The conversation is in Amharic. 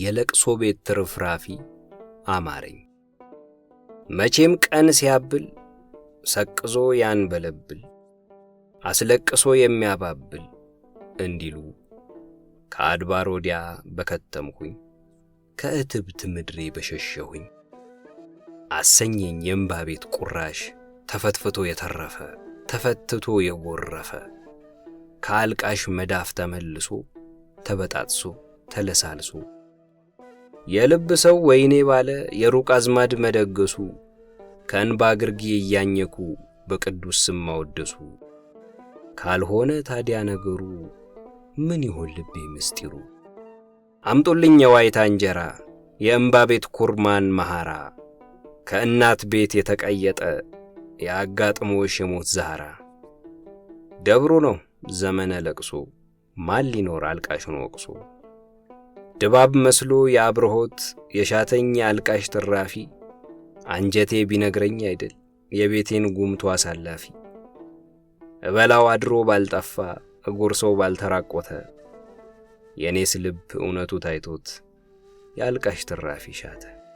የለቅሶ ቤት ትርፍራፊ አማረኝ። መቼም ቀን ሲያብል ሰቅዞ ያንበለብል አስለቅሶ የሚያባብል እንዲሉ ከአድባር ወዲያ በከተምኩኝ ከእትብት ምድሬ በሸሸሁኝ አሰኘኝ የእምባ ቤት ቁራሽ ተፈትፍቶ የተረፈ ተፈትቶ የጎረፈ ከአልቃሽ መዳፍ ተመልሶ ተበጣጥሶ ተለሳልሶ የልብ ሰው ወይኔ ባለ የሩቅ አዝማድ መደገሱ ከእንባ ግርጌ እያኘኩ በቅዱስ ስም ማወደሱ ካልሆነ ታዲያ ነገሩ ምን ይሆን ልቤ ምስጢሩ? አምጡልኝ የዋይታ እንጀራ የእምባ ቤት ኩርማን መሐራ ከእናት ቤት የተቀየጠ የአጋጥሞሽ የሞት ዛራ ደብሮ ነው ዘመነ ለቅሶ ማን ሊኖር አልቃሽን ወቅሶ ድባብ መስሎ የአብርሆት የሻተኝ የአልቃሽ ትራፊ አንጀቴ ቢነግረኝ አይደል የቤቴን ጉምቱ አሳላፊ እበላው አድሮ ባልጠፋ እጎርሰው ባልተራቆተ የእኔስ ልብ እውነቱ ታይቶት የአልቃሽ ትራፊ ሻተ።